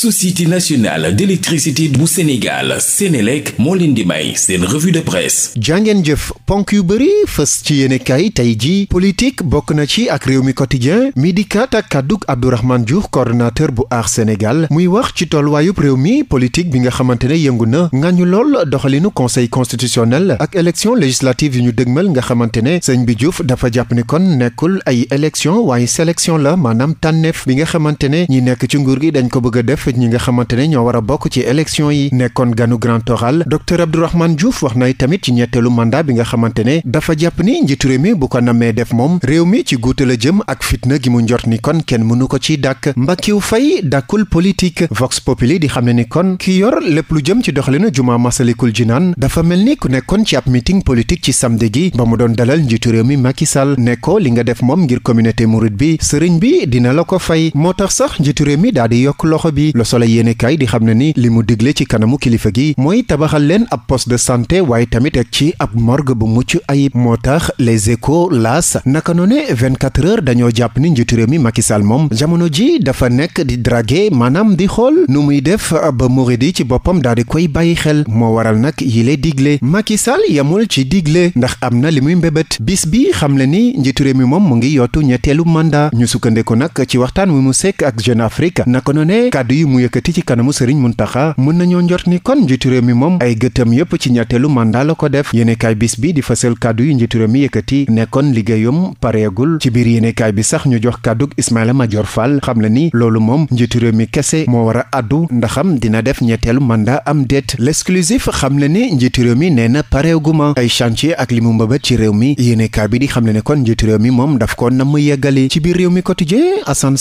société nationale d'électricité bu Sénégal Sénélec moo leen di may seen revue de presse jàngeen jëf ponk yu bëri fës ci yéene kay tey ji politique bokk na ci ak réew mi quotidien mi di kat ak kàdduk Abdourahmane Diouf coordonnateur bu aax Sénégal muy wax ci tolluwaayub réew mi politique bi nga xamante ne yëngu na ngañu lool doxalinu conseil constitutionnel ak élection législative yu ñu dëgmal nga xamante ne sëñ bi Diouf dafa jàpp ni kon nekkul ay élection waaye sélection la maanaam tànneef bi nga xamante ne ñi nekk ci nguur gi dañ ko bëgg a def ñi nga xamante ne ñoo war a bokk ci élection yi nekkoon ganu grand oral docteur Abdourahmane Diouf wax nay tamit ci ñetteelu mandat bi nga xamante ne dafa jàpp ni njiitu réew mi bu ko namee def moom réew mi ci guute la jëm ak fitna gi mu njort ni kon kenn mënu ko ci dàkk Mbakiou Faye dàkkul politique Vox Populi di xam ne ni kon ki yor lépp lu jëm ci doxalinu juma Masalikul Jinaan dafa mel ni ku nekkoon ci ab meeting politique ci samedi gi ba mu doon dalal njiitu réew mi Macky Sall ne li nga def moom ngir communauté mouride bi sëriñ bi dina la ko fay moo tax sax njiitu réew mi daal yokk loxo bi Le Soleil yéene kaay di xam ne ni li mu digle ci kanamu kilifa gi mooy tabaxal leen ab poste de santé waaye tamit ak ci ab morgue bu mucc ayib moo tax les échos laas naka noone 24 heures dañoo jàpp ni njiitu réew mi Macky Sall moom jamono ji dafa nekk di draguer maanaam di xool nu muy def ba muridi ci boppam daal di koy bàyyi xel moo waral nag yile digle Macky Sall yamul ci digle ndax am na li muy mbébét bis bi xam le ni njiitu réew mi moom mu ngi yootu ñetteelu mandat ñ sukkandiku nag ci waxtaan wi mu sekk ak mu yëkkati ci kanamu sëriñ Muntaxa mën nañoo njort ni kon njiitu réew mi moom ay gëtam yépp ci ñetteelu mandat la ko def yéenekaay bis bi di fasal kàddu yu njiitu réew mi yëkkati nekkoon liggéeyam pareegul ci biir yéenekaay bi sax ñu jox kàdduk Ismaïla Madior Fall xam le ni loolu moom njiitu réew mi kese moo war a àddu ndaxam dina def ñetteelu mandat am déet l'exclusif xam le ni njiitu réew mi nee na pareeguma ay chantier ak li mu mbëbët ci réew mi yéenekaay bi di xam le ne kon njiitu réew mi moom daf ko namm yeggali ci biir mi quotidien Assane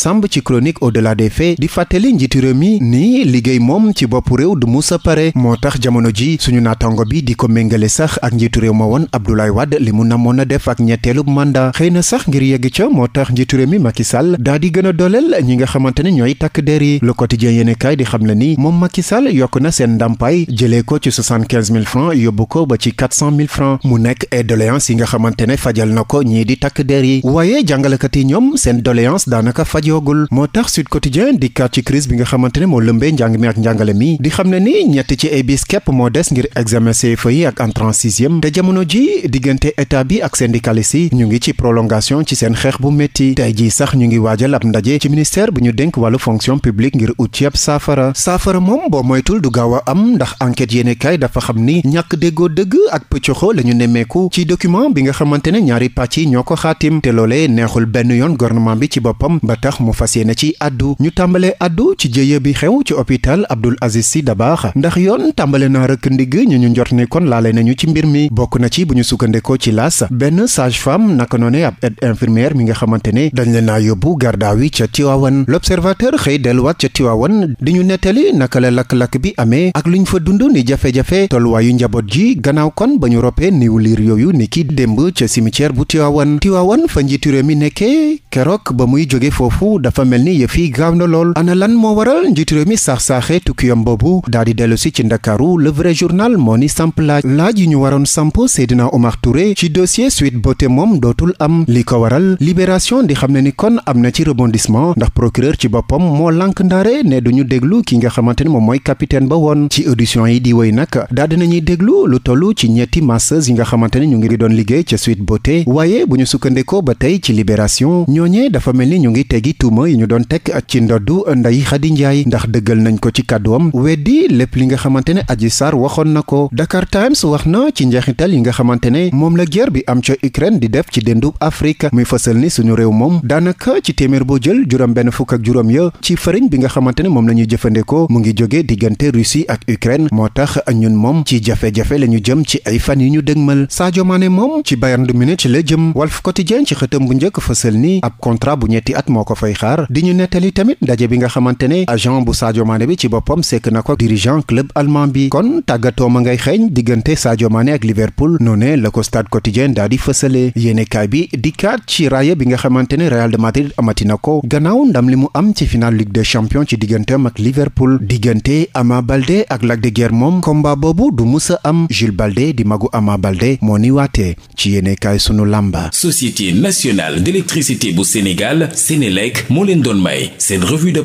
réew mi ni liggéey moom ci bopp réew du musa pare moo tax jamono ji suñu naatango bi di ko méngale sax ak njiitu réew ma woon Abdoulaye Wade li mu namoon a def ak ñetteelub mandat xëy na sax ngir yegg ca moo tax njiitu réew mi Macky Sall daa di gën a dooleel ñi nga xamante ne ñooy takk der yi le quotidien yéene kaay di xam le ni moom Macky Sall yokk na seen ndàmpaay jëlee ko ci 75 000 francs yóbbu ko ba ci 400 000 francs mu nekk ay doléance yi nga xamante ne fajal na ko ñii di takk der yi waaye jàngalekat yi ñoom seen doléance daanaka fajoogul moo tax Sud Quotidien di kat xamante ne moo lëmbee njàng mi ak njàngale mi di xam ne ni ñett ci ay bis képp moo des ngir examen CFEE yi ak entrant sixième te jamono ji diggante état bi ak syndicalistes yi ñu ngi ci prolongation ci seen xeex bu métti tey jii sax ñu ngi waajal ab ndaje ci ministère bu ñu dénk wàllu fonction publique ngir ut ci ab saafara saafara moom boo moytul du gaaw a am ndax enquête yéene kaay dafa xam ni ñàkk déggoo dëgg ak pëccoxo la ñu nemmeeku ci document bi nga xamante ne ñaari pàcc yi ñoo ko xaatim te loolee neexul benn yoon gouvernement bi ci boppam ba tax mu ci àddu liggéey bi xew ci hôpital Abdoul Aziz Sy Dabakh ndax yoon tàmbale na rëkk ndigg ñu ñu njort ni kon laale nañu ci mbir mi bokk na ci bu ñu sukkandekoo ci laas benn sage femme naka noone ab aide infirmière mi nga xamante ne dañ leen naa yóbbu gardaawi ca Tiwaawan l'observateur xëy dell delluwaat ca Tiwaawan di ñu nettali naka la lakk-lakk bi amee ak ñu fa dund ni jafe-jafe tolluwaayu njaboot ji gannaaw kon ba ñu roppee niw liir yooyu ni ki démb ca cimetière bu Tiwaawan Tiwaawan fa njiitu mi nekkee keroog ba muy jóge foofu dafa mel ni waral njiitu réew mi saax-saaxee tukkiyam boobu daal di dellu si ci ndakaaru le vrai journal moo ni samp laaj laaj yu ñu waroon samp Seydina Omar Touré ci dossier Sweet Beauté moom dootul am li ko waral libération di xam ne ni kon am na ci rebondissement ndax procureur ci boppam moo lank ndaare ne duñu déglu ki nga xamante ne moom mooy capitaine ba woon ci audition yi di woy nag daal dinañuy déglu lu toll ci ñetti masseuse yi nga xamante ne ñu ngi doon liggéey ca Sweet Beauté waaye bu ñu ba tey ci libération ñooñee dafa ni ñu ngi tegi tuuma yi ci ndoddu Ndiaye ndax dëggal nañ ko ci kàdduwam weddi lépp li nga xamante ne Adji Sarr waxoon na ko Dakar Times wax na ci njeexital yi nga xamante ne moom la guerre bi am ca Ukraine di def ci déndub Afrique muy fësal ni suñu réew moom daanaka ci téeméer boo jël juróom benn fukk ak juróom ya ci fariñ bi nga xamante ne moom la ñuy jëfandikoo mu ngi jóge diggante Russie ak Ukraine moo tax ñun moom ci jafe-jafe la ñu jëm ci ay fan yi ñu dëgmal Sadio Mané moom ci Bayern de Munich la jëm Walf Quotidien ci xëtam bu njëkk fësal ni ab contrat bu ñetti at moo ko fay xaar agent bu Sadio Mané bi ci boppam sekk na ko dirigeant club allemand bi kon tàggatoo ma ngay xeeñ diggante Sadio Mané ak Liverpool noonee la ko stade quotidien daal di fësale yéenekaay bi dikkaat ci raaya bi nga xamante ne Real de Madrid amati na ko gannaaw ndam li mu am ci final Ligue des champions ci digganteem ak Liverpool diggante Ama Baldé ak Lac de Guiers moom combat boobu du musa am Jules balde di magu Ama Baldé moo ni waatee ci yéenekaay sunu làmba société nationale d'électricité bu Sénégal Sénélec moo leen doon may seen revue de